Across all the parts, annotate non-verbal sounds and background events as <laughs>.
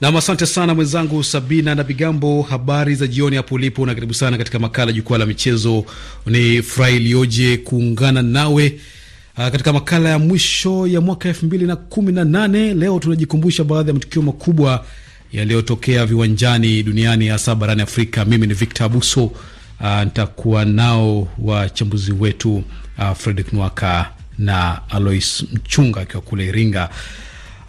Nam, asante sana mwenzangu Sabina na Bigambo. Habari za jioni hapo ulipo, na karibu sana katika makala jukwaa la michezo. Ni furaha iliyoje kuungana nawe ah, katika makala ya mwisho ya mwaka elfu mbili na kumi na nane. Leo tunajikumbusha baadhi ya matukio makubwa yaliyotokea viwanjani duniani, hasa barani Afrika. Mimi ni Victor Abuso, ah, nitakuwa nao wachambuzi wetu ah, Fredrick Nwaka na Alois Mchunga akiwa kule Iringa.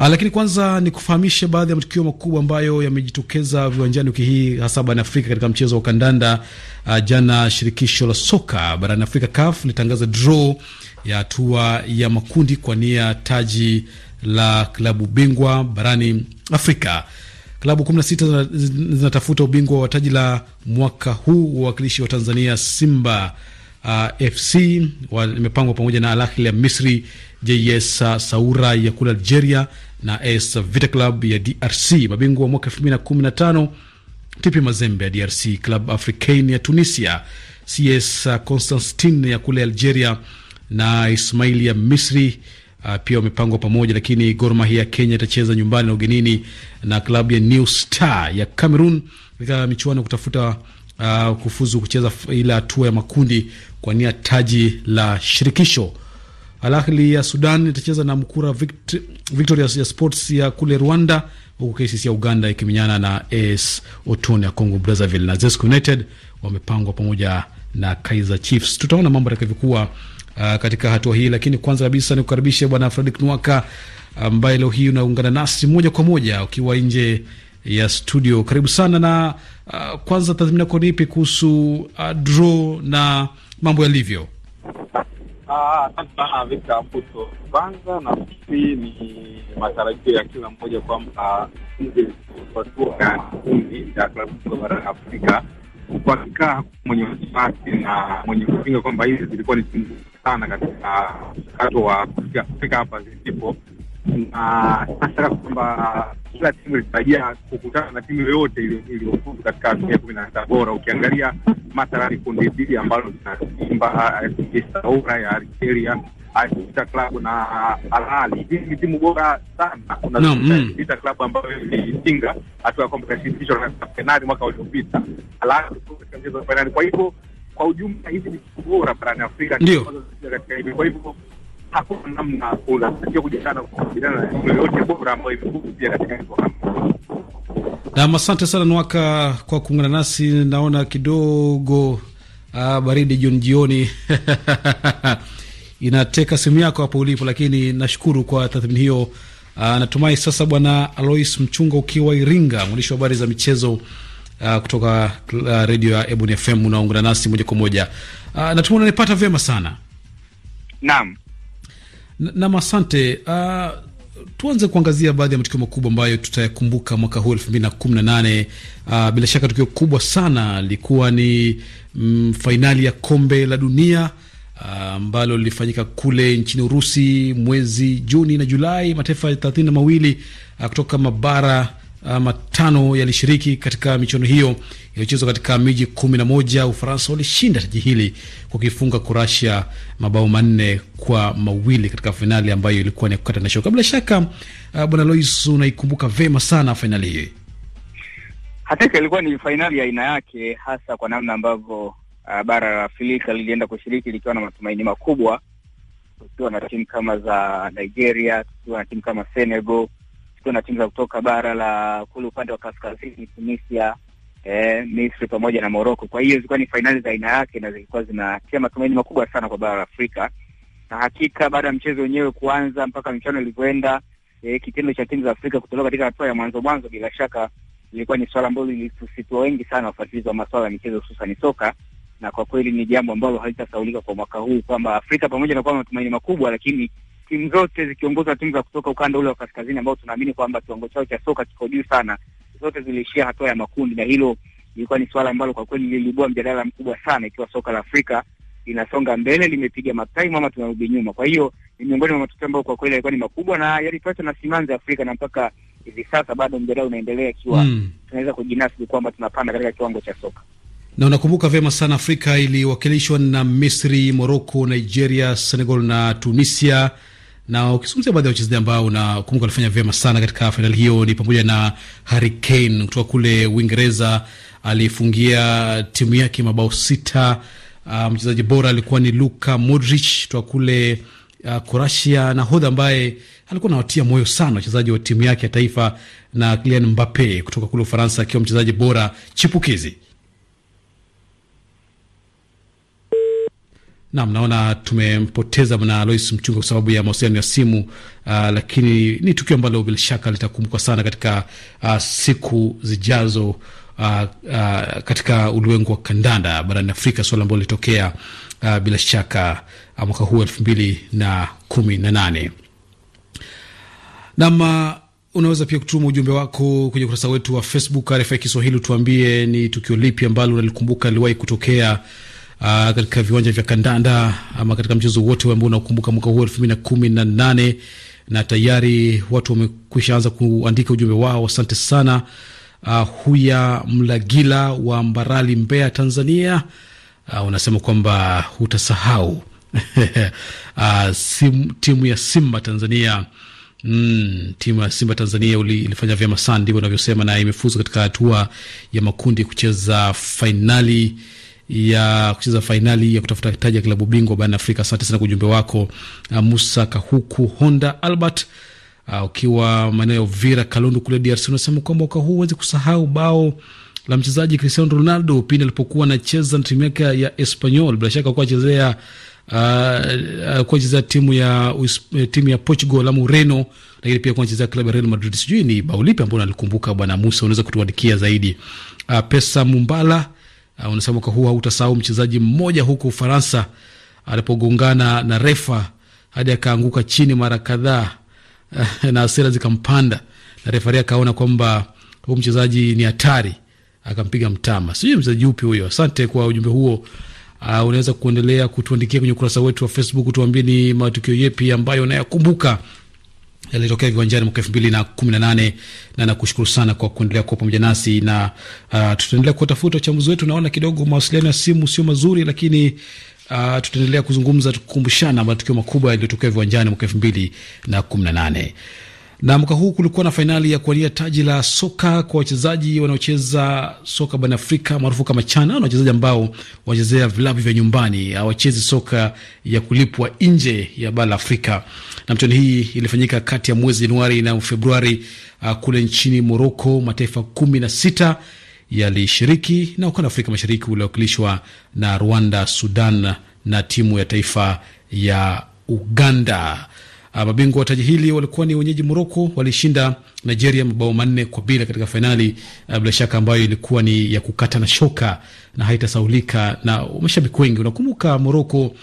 Ah, lakini kwanza ni kufahamishe baadhi ya matukio makubwa ambayo yamejitokeza viwanjani wiki hii, hasa barani Afrika katika mchezo wa kandanda. Ah, jana shirikisho la soka barani Afrika CAF litangaza draw ya hatua ya makundi kwa nia taji la klabu bingwa barani Afrika. Klabu 16 zinatafuta ubingwa wa taji la mwaka huu. Wawakilishi wa Tanzania Simba uh, ah, FC wamepangwa pamoja na Al Ahly ya Misri, JS Saura ya kule Algeria na AS Vita Club ya DRC, mabingwa mwaka tano TP Mazembe ya DRC, Club africain ya Tunisia, CS Constantine ya kule Algeria na ismail ya Misri uh, pia wamepangwa pamoja, lakini Gor Mahia ya Kenya itacheza nyumbani na ugenini na klabu ya New Star ya Cameroon katika michuano kutafuta uh, kufuzu kucheza ile hatua ya makundi kwa nia taji la shirikisho. Al ya Sudan itacheza na mkura Victoria ya Sports ya kule Rwanda, huku KCC ya Uganda ikimenyana na AS Otone ya Congo Brazzaville, na Zesco United wamepangwa pamoja na Kaizer Chiefs. Tutaona mambo yatakavyokuwa uh, katika hatua hii, lakini kwanza kabisa ni kukaribisha Bwana Fredrick Nwaka ambaye leo hii unaungana nasi moja kwa moja ukiwa nje ya studio. Karibu sana na uh, kwanza tathmini yako ni ipi kuhusu uh, draw na mambo yalivyo? Ah, Victor Abuso, kwanza nafikiri ni matarajio ya kila mmoja kwamba hatua kundi ya klabu za barani Afrika kwa hakika mwenye wasiwasi na mwenye kupinga kwamba hizi zilikuwa ni sana katika mchakato wa kufika hapa zilipo na kwamba kila timu ilitarajia kukutana na timu yoyote iliyofuzu katika asilimia kumi na sita bora. Ukiangalia mathalani kundi hili ambalo linasimba Saura ya Algeria, Vita Club na Al Ahly, hii ni timu bora sana. Kuna Vita mm. Club ambayo ilitinga hatua ya kombe la shirikisho la fainali mwaka uliopita, Al Ahly katika mchezo wa fainali. Kwa hivyo kwa ujumla hizi ni timu bora barani Afrika, ndio katika kwa hivyo hakuna namna, unatakiwa kujadiliana kukabiliana na yoyote bora ambayo imekuja katika hizo nam. Asante sana Nwaka kwa kuungana nasi. Naona kidogo uh, baridi jioni jioni <laughs> inateka simu yako hapo ulipo, lakini nashukuru kwa tathmini hiyo. Uh, natumai sasa, Bwana Alois Mchunga ukiwa Iringa, mwandishi wa habari za michezo uh, kutoka uh, redio ya Ebony FM unaungana nasi moja kwa moja. Uh, natumai unanipata vyema sana. Naam, Nam, asante. Uh, tuanze kuangazia baadhi ya matukio makubwa ambayo tutayakumbuka mwaka huu elfu mbili na kumi na nane. Uh, bila shaka tukio kubwa sana likuwa ni mm, fainali ya kombe la dunia ah, ambalo uh, lilifanyika kule nchini Urusi mwezi Juni na Julai. Mataifa thelathini na mawili uh, kutoka mabara Ah, matano yalishiriki katika michuano hiyo iliyochezwa katika miji kumi na moja. Ufaransa walishinda taji hili kwa kuifunga Kroatia mabao manne kwa mawili katika fainali ambayo ilikuwa ni kukata na shoka. Bila shaka, uh, bwana Lois, unaikumbuka vema sana fainali hii. Hakika ilikuwa ni fainali ya aina yake, hasa kwa namna ambavyo uh, bara la Afrika lilienda kushiriki likiwa na matumaini makubwa, tukiwa na timu kama za Nigeria, tukiwa na timu kama Senegal tukiwa na timu za kutoka bara la kule upande wa kaskazini, Tunisia, eh, Misri pamoja na moroko Kwa hiyo zilikuwa ni fainali za aina yake na zilikuwa zinatia matumaini makubwa sana kwa bara la Afrika, na hakika baada ya mchezo wenyewe kuanza mpaka michano ilivyoenda, eh, kitendo cha timu za Afrika kutolewa katika hatua ya mwanzo mwanzo, bila shaka ilikuwa ni swala ambalo lilitusitiwa wengi sana wafuatilizi wa masuala ya michezo hususani soka, na kwa kweli ni jambo ambalo halitasaulika kwa mwaka huu kwamba Afrika pamoja na kuwa matumaini makubwa, lakini timu zote zikiongoza timu za kutoka ukanda ule wa kaskazini ambao tunaamini kwamba kiwango chao cha soka kiko juu sana, zote ziliishia hatua ya makundi, na hilo ilikuwa ni suala ambalo kwa kweli liliibua mjadala mkubwa sana, ikiwa soka la Afrika linasonga mbele, limepiga mataimu ama tunarudi nyuma. Kwa hiyo ni miongoni mwa matukio ambayo kwa kweli yalikuwa ni makubwa na yalipata na simanzi Afrika, na mpaka hivi sasa bado mjadala unaendelea ikiwa mm, tunaweza kujinasibu kwamba tunapanda katika kiwango cha soka na unakumbuka vyema sana Afrika iliwakilishwa na Misri, Moroko, Nigeria, Senegal na Tunisia. Na ukizungumzia baadhi ya wachezaji ambao unakumbuka walifanya vyema sana katika fainali hiyo ni pamoja na Harry Kane kutoka kule Uingereza, alifungia timu yake mabao sita. Uh, mchezaji bora alikuwa ni Luka Modric kutoka kule uh, na nahodha ambaye alikuwa anawatia moyo sana wachezaji wa timu yake ya taifa, na Kylian Mbappe kutoka kule Ufaransa akiwa mchezaji bora chipukizi. Nam, naona tumempoteza bwana Alois Mchunga kwa sababu ya mawasiliano ya simu uh, lakini ni tukio ambalo bila shaka litakumbukwa sana katika uh, siku zijazo uh, uh, katika ulimwengu wa kandanda barani Afrika, suala ambalo lilitokea uh, bila shaka uh, mwaka huu elfu mbili na kumi na nane nam Unaweza pia kutuma ujumbe wako kwenye ukurasa wetu wa Facebook RFI Kiswahili, tuambie ni tukio lipi ambalo unalikumbuka liliwahi kutokea uh, katika viwanja vya kandanda ama katika mchezo wote ambao unakumbuka mwaka huu elfu mbili na kumi na nane na tayari watu wamekwisha anza kuandika ujumbe wao. Asante sana. Uh, huya Mlagila wa Mbarali, Mbeya, Tanzania, uh, unasema kwamba hutasahau uh, <laughs> sim, timu ya Simba Tanzania Mm, timu ya Simba Tanzania ilifanya vyema sana, ndivyo unavyosema, na imefuzu katika hatua ya makundi kucheza fainali ya kucheza fainali ya kutafuta taji ya klabu bingwa barani Afrika. Asante sana kwa ujumbe wako uh, Musa Kahuku Honda Albert uh, ukiwa uh, maeneo ya Uvira Kalundu kule DRC, unasema kwamba mwaka huu huwezi kusahau bao la mchezaji Cristiano Ronaldo pindi alipokuwa anacheza na timu yake ya Espanyol. Bila shaka alikuwa chezea uh, uh kuchezea timu ya eh, timu ya Portugal ama Ureno, lakini pia kuchezea klabu ya Real Madrid. Sijui ni bao lipi ambalo nalikumbuka, bwana Musa, unaweza kutuandikia zaidi. Uh, pesa Mumbala wanasema ah, mwaka huu hautasahau mchezaji mmoja huko Ufaransa alipogongana na refa hadi akaanguka chini mara kadhaa eh, na hasira zikampanda, na refari akaona kwamba huu mchezaji ni hatari, akampiga mtama. Sijui mchezaji upi huyo. Asante kwa ujumbe huo. Uh, unaweza kuendelea kutuandikia kwenye ukurasa wetu wa Facebook, tuambie ni matukio yepi ambayo unayakumbuka yalitokea viwanjani mwaka elfu mbili na kumi na nane na nakushukuru sana kwa kuendelea kuwa pamoja nasi na uh, tutaendelea kuwatafuta uchambuzi wetu. Naona kidogo mawasiliano ya simu sio mazuri, lakini Uh, tutaendelea kuzungumza tukukumbushana matukio makubwa yaliyotokea viwanjani mwaka elfu mbili na kumi na nane. Na mwaka huu kulikuwa na fainali ya kuwania taji la soka kwa wachezaji wanaocheza soka barani Afrika maarufu kama Chana, na wachezaji ambao wanachezea vilabu vya nyumbani, hawachezi soka ya kulipwa nje ya bara la Afrika. Na mchuano hii ilifanyika kati ya mwezi Januari na Februari uh, kule nchini Moroko. Mataifa kumi na sita yalishiriki na ukanda Afrika Mashariki uliowakilishwa na Rwanda, Sudan na timu ya taifa ya Uganda. Ah, mabingwa wa taji hili walikuwa ni wenyeji Moroko, walishinda Nigeria mabao manne kwa bila katika fainali ah, bila shaka ambayo ilikuwa ni ya kukata na shoka na haitasaulika na mashabiki wengi. Unakumbuka Moroko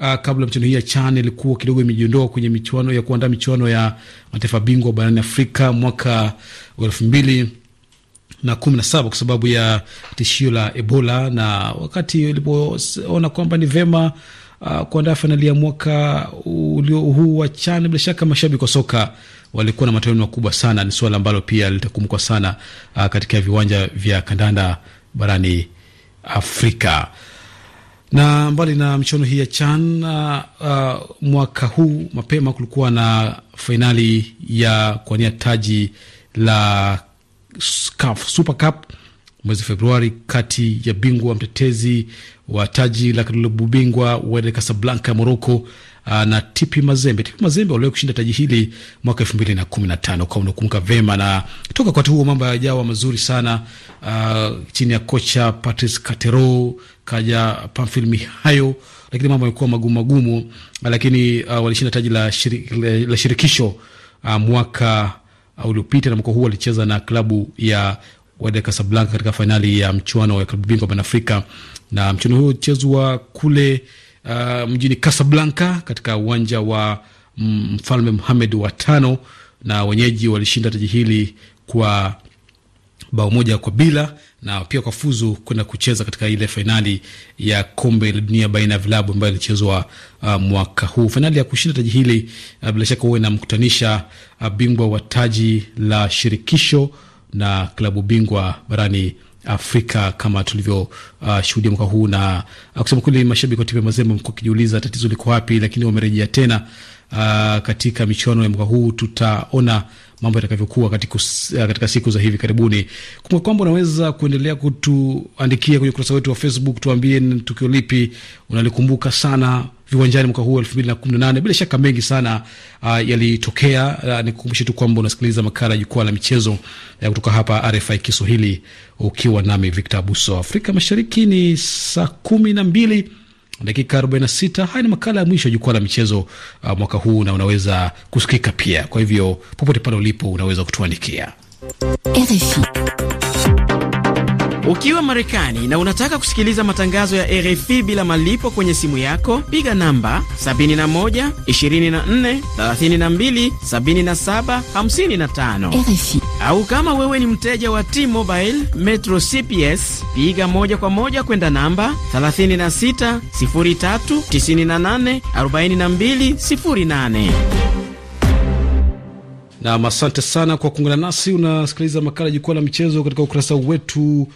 Uh, ah, kabla mchano hii ya CHAN ilikuwa kidogo imejiondoa kwenye michuano ya kuandaa michuano ya mataifa bingwa barani Afrika mwaka wa elfu mbili na kumi na saba kwa sababu ya tishio la Ebola, na wakati ilipoona kwamba ni vema uh, kuandaa fainali ya mwaka ulio huu wa CHAN. Bila shaka mashabiki wa soka walikuwa na matumaini makubwa sana. Ni suala ambalo pia litakumbukwa sana uh, katika viwanja vya kandanda barani Afrika na mbali na michuano hii ya CHAN uh, mwaka huu mapema kulikuwa na fainali ya kuwania taji la CAF Super Cup mwezi Februari kati ya bingwa mtetezi wa taji la klabu bingwa Wydad Casablanca ya Moroko ah, na Tipi Mazembe. Tipi Mazembe waliwahi kushinda taji hili mwaka elfu mbili na kumi na tano kwa unakumbuka vema, na toka wakati huo mambo yajawa mazuri sana uh, chini ya kocha Patrice Catero kaja Pamphile Mihayo, lakini mambo yamekuwa magumu magumu, lakini uh, walishinda taji la, shiri, la, la shirikisho uh, mwaka uliopita na mwaka huu walicheza na klabu ya Wydad Casablanca katika fainali ya mchuano wa klabu bingwa barani Afrika, na mchuano huo uchezwa kule uh, mjini Casablanca katika uwanja wa mm, Mfalme Mohamed wa tano, na wenyeji walishinda taji hili kwa bao moja kwa bila na pia kwa fuzu kwenda kucheza katika ile fainali ya kombe la dunia baina ya vilabu ambayo ilichezwa uh, mwaka huu. Fainali ya kushinda taji hili uh, bila shaka huwa inamkutanisha uh, bingwa wa taji la shirikisho na klabu bingwa barani Afrika kama tulivyoshuhudia uh, mwaka huu na uh, kusema kweli, mashabiki wa timu ya Mazembe mko kijiuliza tatizo liko wapi, lakini wamerejea tena uh, katika michuano ya mwaka huu. Tutaona mambo yatakavyokuwa katika, uh, katika siku za hivi karibuni. Kumbuka kwamba unaweza kuendelea kutuandikia kwenye ukurasa wetu wa Facebook, tuambie tukio lipi unalikumbuka sana viwanjani mwaka huu nane. Bila shaka mengi sana uh, yalitokea. Uh, nikukumbushe tu kwamba unasikiliza makala ya jukwaa la michezo uh, kutoka hapa RFI Kiswahili ukiwa nami Victor Abuso. Afrika Mashariki ni saa kumi na mbili dakika 46. Haya ni makala ya mwisho ya jukwaa la michezo uh, mwaka huu, na unaweza kusikika pia. Kwa hivyo popote pale ulipo unaweza kutuandikia RFI. Ukiwa Marekani na unataka kusikiliza matangazo ya RFI bila malipo kwenye simu yako, piga namba 7124327755. Au kama wewe ni mteja wa T-Mobile Metro CPS, piga moja kwa moja kwenda namba 36 Nam, asante sana kwa kuungana nasi. Unasikiliza makala ya Jukwaa la Michezo katika ukurasa wetu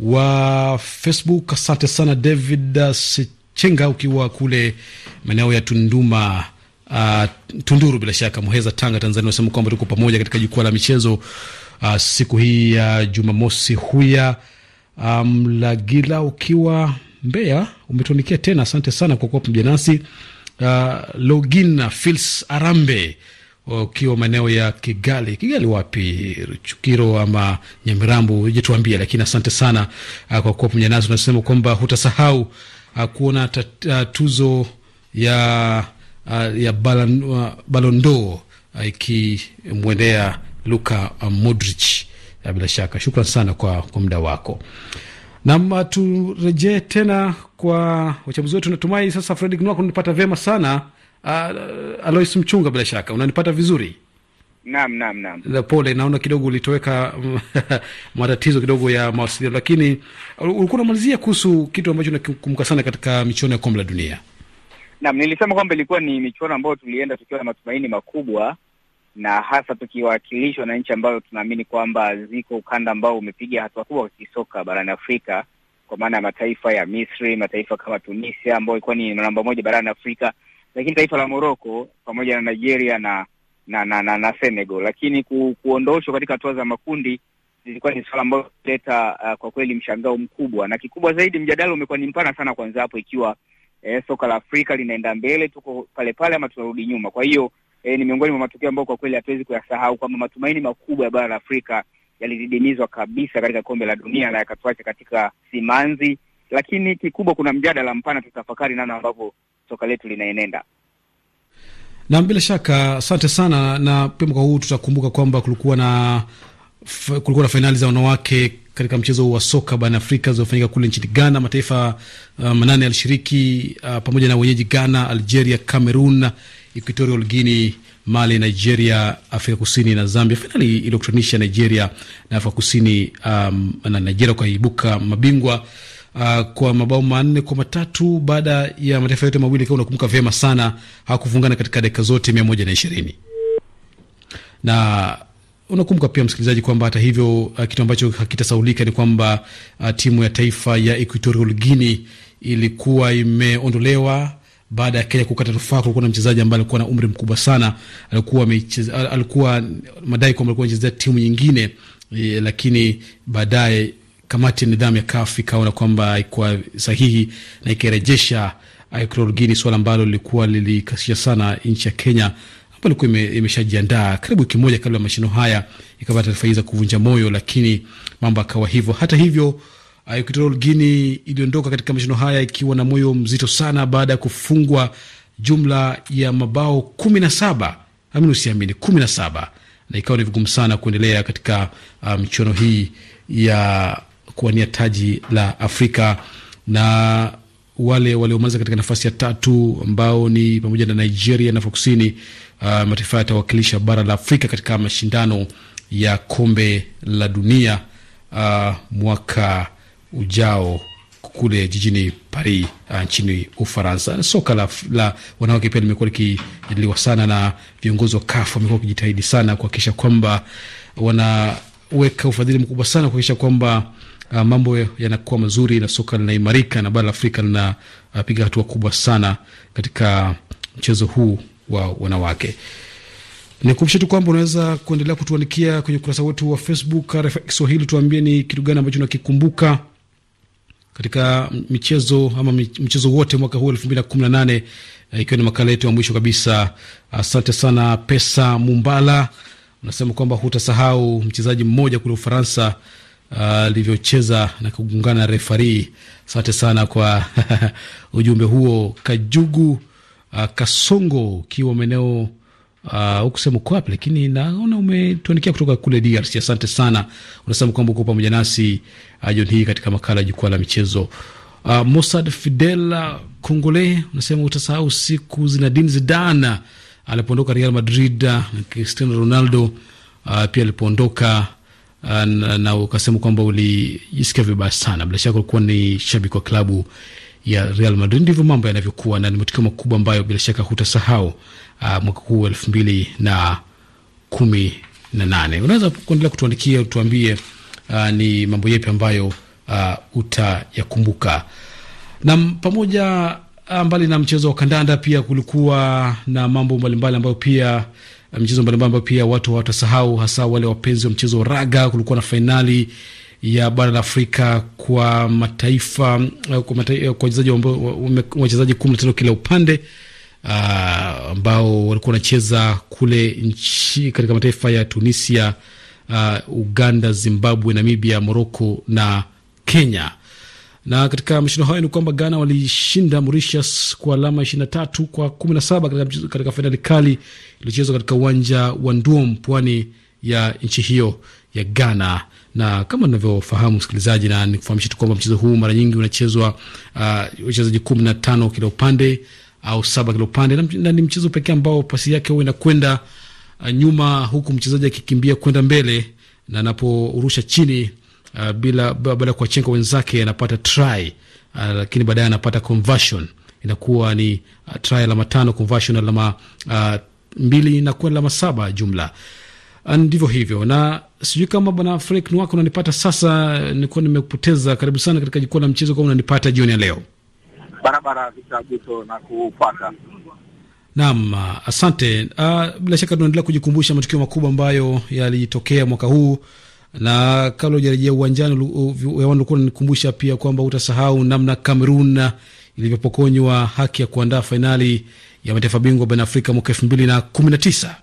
wa Facebook. Asante sana David Sechenga, ukiwa kule maeneo ya Tunduma Uh, Tunduru bila shaka, Muheza, Tanga, Tanzania, unasema kwamba tuko pamoja katika jukwaa la michezo uh, siku hii ya uh, Jumamosi. Huya Mlagila um, ukiwa Mbeya umetuandikia tena, asante sana kwa kuwa pamoja nasi. Uh, Logina Fils Arambe ukiwa maeneo ya Kigali, Kigali wapi, Chukiro ama Nyamirambo, jituambie. Lakini asante sana uh, kwa kuwa pamoja nasi. Unasema kwamba hutasahau uh, kuona uh, tuzo ya uh, ya Balondo uh, uh, ikimwendea Luka uh, Modric uh, bila shaka. Shukran sana kwa, kwa muda wako nam. Turejee tena kwa wachambuzi wetu. Natumai sasa Fredrik Nwako nipata vyema sana uh, Alois Mchunga, bila shaka unanipata vizuri? Naam, naam, naam. Pole, naona kidogo ulitoweka <laughs> matatizo kidogo ya mawasiliano, lakini ulikuwa unamalizia kuhusu kitu ambacho nakumbuka sana katika michuano ya kombe la dunia. Naam, nilisema kwamba ilikuwa ni michuano ambayo tulienda tukiwa na matumaini makubwa na hasa tukiwakilishwa na nchi ambazo tunaamini kwamba ziko ukanda ambao umepiga hatua kubwa kisoka barani Afrika, kwa maana ya mataifa ya Misri, mataifa kama Tunisia ambayo ilikuwa ni namba moja barani Afrika lakini taifa la Moroko pamoja na Nigeria na na na, na, na Senegal, lakini ku, kuondoshwa katika hatua za makundi ilikuwa ni suala ambalo leta uh, kwa kweli mshangao mkubwa, na kikubwa zaidi mjadala umekuwa ni mpana sana, kwanza hapo ikiwa eh, soka la Afrika linaenda mbele, tuko pale pale ama tunarudi nyuma. Kwa hiyo eh, ni miongoni mwa matukio ambayo kwa kweli hatuwezi kuyasahau kwamba matumaini makubwa ya bara la Afrika yalididimizwa kabisa katika kombe la dunia na yakatuacha katika simanzi, lakini kikubwa, kuna mjadala mpana tutafakari namna ambavyo soka letu linaenenda. Na bila shaka asante sana, na pia mwaka huu tutakumbuka kwamba kulikuwa na kulikuwa na fainali za wanawake katika mchezo wa soka barani Afrika zilizofanyika kule nchini Ghana. Mataifa manane um, yalishiriki uh, pamoja na wenyeji Ghana, Algeria, Cameroon, Equatorial Guinea, Mali, Nigeria, Afrika Kusini na Zambia. Fainali iliyokutanisha Nigeria na Afrika Kusini um, na Nigeria kwaibuka mabingwa uh, kwa mabao manne kwa matatu baada ya mataifa yote mawili kama unakumbuka vyema sana, hakufungana katika dakika zote mia moja na ishirini na unakumbuka pia msikilizaji, kwamba hata hivyo uh, kitu ambacho hakitasaulika ni kwamba uh, timu ya taifa ya Equatorial Guinea ilikuwa imeondolewa baada ya Kenya kukata rufaa. Kulikuwa na mchezaji ambaye alikuwa na umri mkubwa sana, alikuwa alikuwa madai kwamba alikuwa anachezea timu nyingine eh, lakini baadaye kamati ya nidhamu ya kaf ikaona kwamba ikuwa sahihi na ikairejesha kirorogini, eh, suala ambalo lilikuwa lilikasisha sana nchi ya Kenya ambayo ilikuwa imeshajiandaa karibu wiki moja kabla ya mashino haya, ikapata taarifa hii za kuvunja moyo, lakini mambo akawa hivyo. Hata hivyo Equatorial eh, Guinea iliondoka katika mashindano haya ikiwa na moyo mzito sana baada ya kufungwa jumla ya mabao kumi na saba amini usiamini, kumi na saba na ikawa ni vigumu sana kuendelea katika ah, mchuano um, hii ya kuwania taji la Afrika na wale waliomaliza katika nafasi ya tatu ambao ni pamoja na Nigeria na Afrika Kusini. Uh, mataifa yatawakilisha bara la Afrika katika mashindano ya kombe la dunia uh, mwaka ujao kule jijini Paris uh, nchini Ufaransa. Soka la, la wanawake pia limekuwa likijadiliwa sana na viongozi wa KAF wamekuwa wakijitahidi sana kuhakikisha kwamba wanaweka ufadhili mkubwa sana kuhakikisha kwamba uh, mambo yanakuwa mazuri na soka linaimarika na bara la Afrika linapiga ah, uh, hatua kubwa sana katika mchezo huu wa wanawake. Nikumbushe tu kwamba unaweza kuendelea kutuandikia kwenye ukurasa wetu wa Facebook RFI Kiswahili. Tuambie ni kitu gani ambacho unakikumbuka katika michezo ama mchezo wote mwaka huu elfu mbili na kumi na nane eh, ikiwa ni makala yetu ya mwisho kabisa. Asante sana Pesa Mumbala, unasema kwamba hutasahau mchezaji mmoja kule Ufaransa alivyocheza uh, na kugungana na refari. Asante sana kwa <laughs> ujumbe huo, Kajugu uh, Kasongo ukiwa maeneo uh, hukusema uh, uko wapi, lakini naona umetuandikia kutoka kule DRC. Asante sana, unasema kwamba uko pamoja nasi uh, jioni hii katika makala ya jukwaa la michezo. Uh, Mossad Fidel uh, Kongole unasema utasahau siku Zinedine Zidane alipoondoka Real Madrid uh, na Cristiano Ronaldo uh, pia alipoondoka na, na ukasema kwamba ulijisikia vibaya sana. Bila shaka ulikuwa ni shabiki wa klabu ya Real Madrid. Ndivyo mambo yanavyokuwa, na ni matukio makubwa ambayo bila shaka hutasahau uh, mwaka huu elfu mbili na kumi na nane. Unaweza kuendelea kutuandikia utuambie, uh, ni mambo yepi ambayo uh, utayakumbuka na pamoja mbali na mchezo wa kandanda pia kulikuwa na mambo mbalimbali ambayo pia mchezo mbalimbali ambayo pia watu hawatasahau, hasa wale wapenzi wa mchezo wa raga. Kulikuwa na fainali ya bara la Afrika kwa mataifa kwa wachezaji wachezaji kumi na tano kila upande ah, ambao uh, walikuwa wanacheza kule nchi katika mataifa ya Tunisia, uh, Uganda, Zimbabwe, Namibia, Moroko na Kenya. Na katika mashindano hayo ni kwamba Ghana walishinda Mauritius kwa alama 23 kwa 17 katika, katika fainali kali iliochezwa katika uwanja wa Nduom, pwani ya nchi hiyo ya Ghana. Na kama unavyofahamu msikilizaji, na nikufahamisha tu kwamba mchezo huu mara nyingi unachezwa uh, wachezaji uh, kumi na tano kila upande au saba kila upande, na, na ni mchezo pekee ambao pasi yake huwa inakwenda uh, nyuma huku mchezaji akikimbia kwenda mbele na anaporusha chini uh, bila baada kuwachenga wenzake anapata try uh, lakini baadaye anapata conversion inakuwa ni uh, try alama tano conversion alama uh, mbili kuwa alama saba jumla. Ndivyo hivyo, na sijui kama bwana Frik Nwako unanipata sasa. nikuwa nimepoteza karibu sana katika jukwaa la mchezo, kama unanipata jioni ya leo barabara vitabuto na kupata Naam, asante. Uh, bila shaka tunaendelea kujikumbusha matukio makubwa ambayo yalitokea mwaka huu na kabla ujarejea uwanjani, Wandukura, nikumbusha pia kwamba utasahau namna Cameroon ilivyopokonywa haki ya kuandaa fainali ya mataifa bingwa barani Afrika mwaka elfu mbili na kumi na tisa.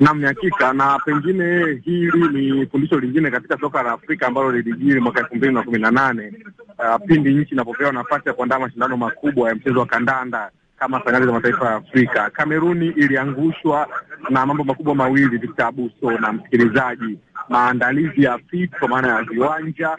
Naam, ni hakika, na pengine hili ni fundisho lingine katika soka la Afrika ambalo lilijiri mwaka elfu mbili na kumi na nane ah, pindi nchi inapopewa nafasi ya kuandaa mashindano makubwa ya mchezo wa kandanda kama fainali za mataifa ya Afrika. Kameruni iliangushwa na mambo makubwa mawili, Victor Abuso na msikilizaji, maandalizi ya fit kwa maana ya viwanja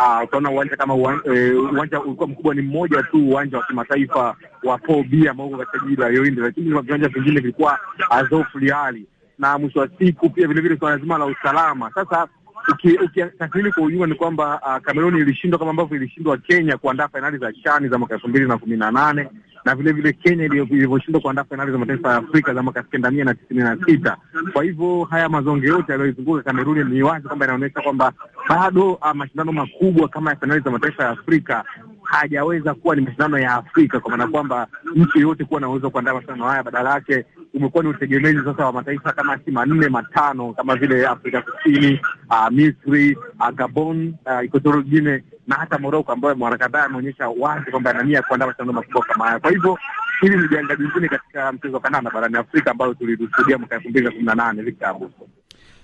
ah, utaona uwanja kama eh, uwanja ulikuwa mkubwa ni mmoja tu, uwanja wa kimataifa wa Paul Biya ambao uko katika jiji la Yaounde, lakini viwanja vingine vilikuwa azofuli hali na mwisho wa siku pia vilevile suala zima la usalama. Sasa ukitathmini kwa ujumla ni kwamba Kameruni ah, ilishindwa kama ambavyo ilishindwa Kenya kuandaa fainali za Chani za mwaka elfu mbili na kumi na nane na vile vile Kenya ilivyoshindwa kuandaa fainali za mataifa ya Afrika za mwaka elfu kenda mia na tisini na sita. Kwa hivyo haya mazonge yote yaliyoizunguka Kameruni ni wazi kwamba yanaonyesha kwamba bado ah, mashindano makubwa kama ya fainali za mataifa ya Afrika hajaweza kuwa ni mashindano ya Afrika kwa maana kwamba nchi yoyote kuwa na uwezo kuandaa mashindano haya, badala yake umekuwa ni utegemezi sasa wa mataifa kama si manne matano kama vile Afrika Kusini, uh, Misri, uh, Gabon, uh, Equatorial Guinea na hata Moroko ambayo mara kadhaa ameonyesha wazi kwamba ana nia kuandaa mashindano makubwa kama haya. Kwa hivyo hili ni janga jingine katika mchezo wa kandanda barani Afrika ambayo tulishuhudia mwaka elfu mbili na kumi na nane Victor Abuso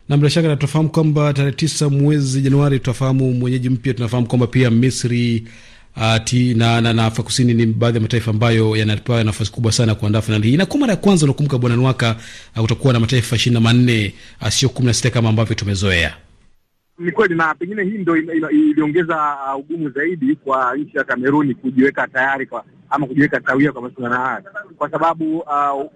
na bila shaka tunafahamu kwamba tarehe tisa mwezi Januari tutafahamu mwenyeji mpya. Tunafahamu kwamba pia Misri ati, ah, na, na, na Afrika Kusini ni baadhi ya mataifa ambayo yanapewa nafasi kubwa sana kuandaa fainali hii. Inakuwa mara ya kwanza unakumbuka, bwana Nwaka, ah, utakuwa na mataifa ishirini na manne ah, sio kumi na sita kama ambavyo tumezoea ni kweli, na pengine hii ndo iliongeza uh, ugumu zaidi kwa nchi ya Kameruni kujiweka tayari kwa ama kujiweka sawia kwa mashindano haya, kwa sababu uh,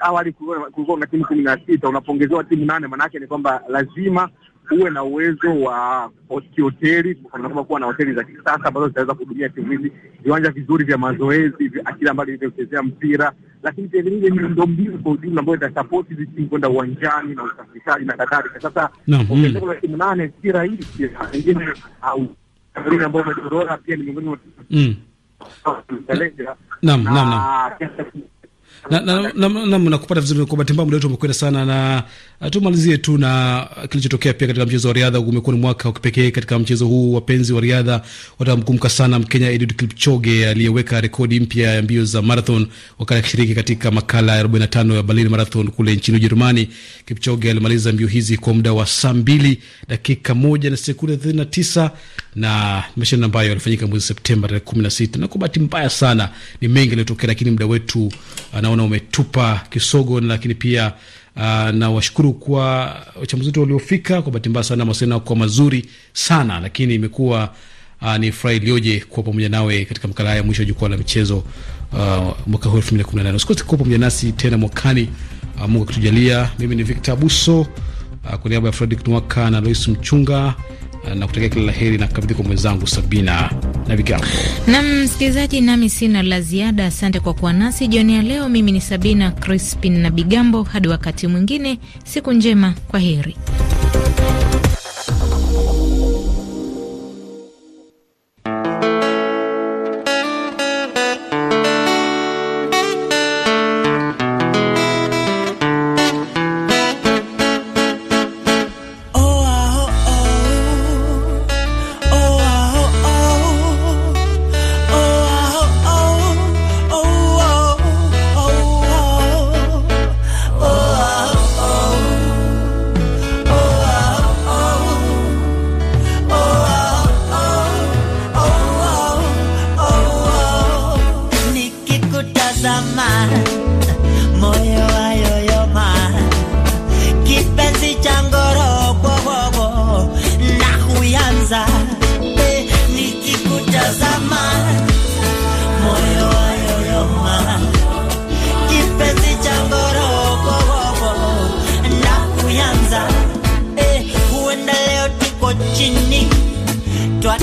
awali kulikuwa na timu kumi na sita unapongezewa timu nane, maanake ni kwamba lazima uwe na uwezo wa hoteli, tunasema kuwa na hoteli za kisasa ambazo zitaweza kuhudumia timu hizi, viwanja vizuri vya mazoezi, akili ambalo livyochezea mpira, lakini vilevile miundombinu kwa ujumla ambayo itasapoti hizi timu kwenda uwanjani na usafirishaji na kadhalika. Sasa ongezeko la timu nane si rahisi, pengine au ambayo imedorora pia ni miongoni mwa mm. Nam, nakupata vizuri kwa bahati mbaya, muda wetu umekwenda sana, na uh, tumalizie tu na uh, kilichotokea pia katika mchezo wa riadha. Umekuwa ni mwaka wa kipekee katika mchezo huu, wapenzi wa riadha watamkumbuka sana Mkenya Eliud Kipchoge aliyeweka rekodi mpya ya mbio za marathon wakati akishiriki katika makala ya 45 ya Berlin Marathon kule nchini Ujerumani. Kipchoge alimaliza mbio hizi kwa muda wa saa 2 dakika 1 na sekunde 39 na mashindano ambayo yalifanyika mwezi Septemba tarehe kumi na sita na kwa bahati mbaya sana ni mengi yaliyotokea, lakini muda wetu anaona uh, umetupa kisogo, lakini pia Uh, na washukuru kwa wachambuzi wetu waliofika. Kwa bahati mbaya sana mawasiliano kwa mazuri sana lakini imekuwa uh, ni furaha iliyoje kuwa pamoja nawe katika makala haya mwisho wa jukwaa la michezo uh, mwaka huu kumi na nane. Usikose kuwa pamoja nasi tena mwakani, uh, Mungu akitujalia. Mimi ni Victor Abuso uh, kwa niaba ya Fredrick Nwaka na Lois Mchunga Eh, na kutakia kila la heri na kabidhi kwa mwenzangu Sabina na Vigambo. Na msikilizaji, nami sina la ziada. Asante kwa kuwa nasi jioni ya leo. Mimi ni Sabina Crispin na Bigambo. Hadi wakati mwingine, siku njema, kwa heri.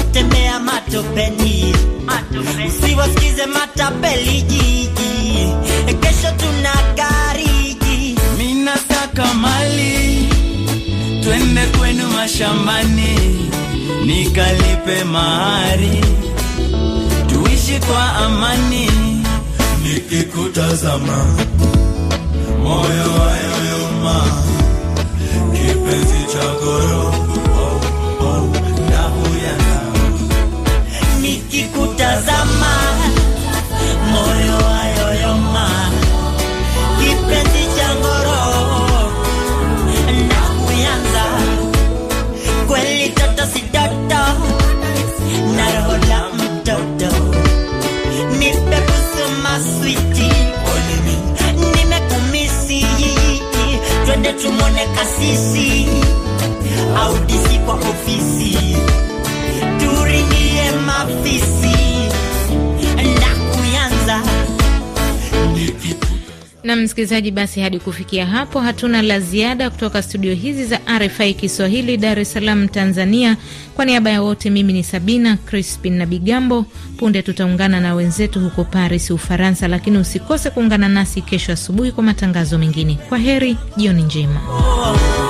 kutembea matopeni, usiwasikize matapeli jiji, kesho tuna gariji. saka mali, twende kwenu mashambani, nikalipe mahari, tuishi kwa amani, nikikutazama moyo wayoyoma, kipenzi cha gorofu tazama, moyo wayoyoma, kipenzi cha ngoro na kuyanza kweli, toto si toto na roho la mtoto, nipe maswiti, nimekumisi, twende tumone kasisi au disi kwa ofisi Na msikilizaji, basi hadi kufikia hapo hatuna la ziada kutoka studio hizi za RFI Kiswahili, Dar es Salaam, Tanzania. Kwa niaba ya wote, mimi ni Sabina Crispin na Bigambo. Punde tutaungana na wenzetu huko Paris, Ufaransa, lakini usikose kuungana nasi kesho asubuhi kwa matangazo mengine. Kwa heri, jioni njema.